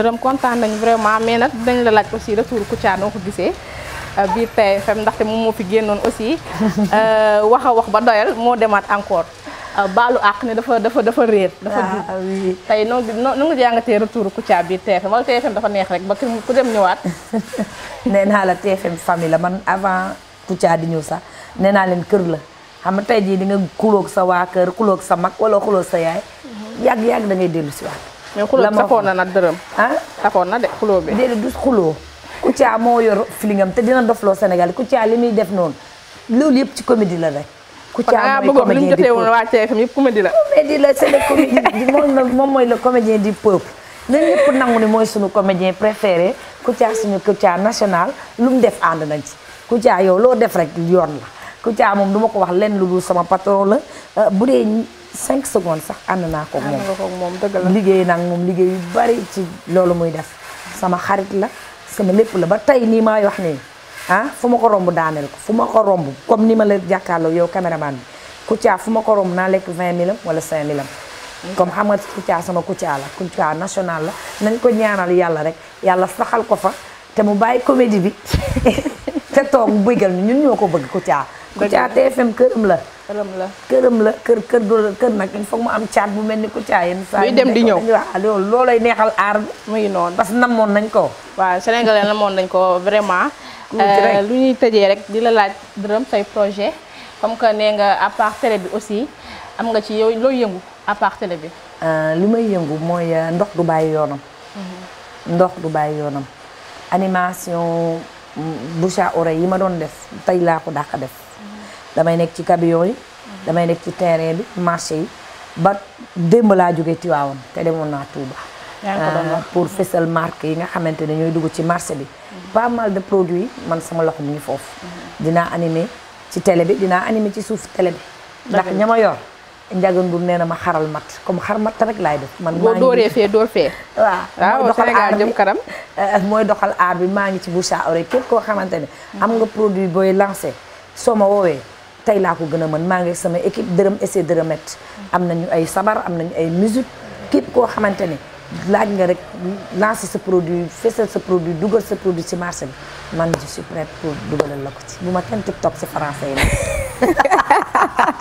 dërëm kontaan nañu vraiment mais nag dañ la laaj aussi retour Kouthia noo ko gisee euh, biir TFM ndaxte moom moo fi génnoon aussi euh, wax a wax ba doyal moo demaat encore euh, baalu àq ne dafa dafa dafa réer. dafa ji ah, tey noo noo noo ngi jàngatee retour Kouthia biir TFM wala TFM dafa neex rek ba ku dem ñëwaat. nee naa la TFM famille la man avant Kouthia di ñëw sax nee naa leen kër la. xam nga tey jii di nga xuloog sa waa kër xuloog sa mag wala xuloog sa yaay. Mhm. yàgg yàgg da ngay dellu si waat mais xuloo taxoon na nag dërëm. ah taxoon na de xuloo bi. déedéet du xuloo Kouthia moo yor filingam te dina dofloo Sénégal Kouthia li muy def noonu loolu yëpp ci comédie la rek. Kouthia mooy comédien du peuple kon dangaa bëggoon li ñu jotee woon waa TFM yëpp comédie la. comédie la c'est le comédien moom mooy le comédien du peuple. na ñëpp nangu ni mooy suñu comédien préféré Kouthia suñu Kouthia national lu mu def ànd nañ ci Kouthia yow loo def rek yoon la Kouthia moom du ma ko wax lenn lu dul sama patron la euh, bu dee. cinq secondes sax ànd naa ko moom liggéey naa moom liggéey yu bari ci loolu muy def sama xarit la sama lépp la ba tey nii maay wax nii ah fu ma ko romb daaneel ko fu ma ko romb comme nii ma la jàkkaarloo yow caméraman bi Kouthia fu ma ko romb naa lekk vingt mille am wala cinq mille am comme xam nga sama Kouthia la Kouthia national la nañ ko ñaanal yàlla rek yàlla saxal ko fa te mu bàyyi comédie bi te toog bëggal ñun ñoo ko bëgg Kouthia këram la këram la kër kër doo kër nag il faut mu am caat bu mel ni ku caayen saa muy dem di ñëw waaw loolu loolay neexal aar muy noon parce que namoon nañ ko waaw sénégalais namoon nañ ko vraiment euh, lu ñuy tëjee rek di la laaj dërëm say projet comme que nee nga à part télé bi aussi am nga ci yow looy yëngu à part télé bi euh, li may yëngu mooy euh, ndox du bàyyi yoonam mhm. ndox du bàyyi yoonam animation mm, bu à oreille yi ma doon def tey laa ko dàq def damay nekk ci camion yi damay nekk ci terrain bi marché yi ba démb laa jóge Tiwaawan te demoon naa Touba euh, pour fësal marque yi nga xamante ni ñooy dugg ci marché bi mhm. pas mal de produits man sama loxo mu ngi foofu mhm. dinaa animé ci télé bi dinaa animé ci suuf télé bi ndax ña ma yor njagan bu na ma xaral mat comme xar mat rek laay def man boo dooree fee door fee waaw mooy ah, doxal aar euh, mooy doxal aar bi maa ngi ci bouche à oreille képp koo xamante ne mhm. am nga produit booy lancé soo ma woowee tey laa ko gën a mën maa ngi sama équipe dërëm essai dërëmet am nañu ay sabar am nañu ay musique képp koo xamante ne laaj nga rek lancer sa produit fesal sa produit dugal sa produit ci marché bi man je suis prête pour dugalal la ko ci bu ma kenn TikTok ci français yi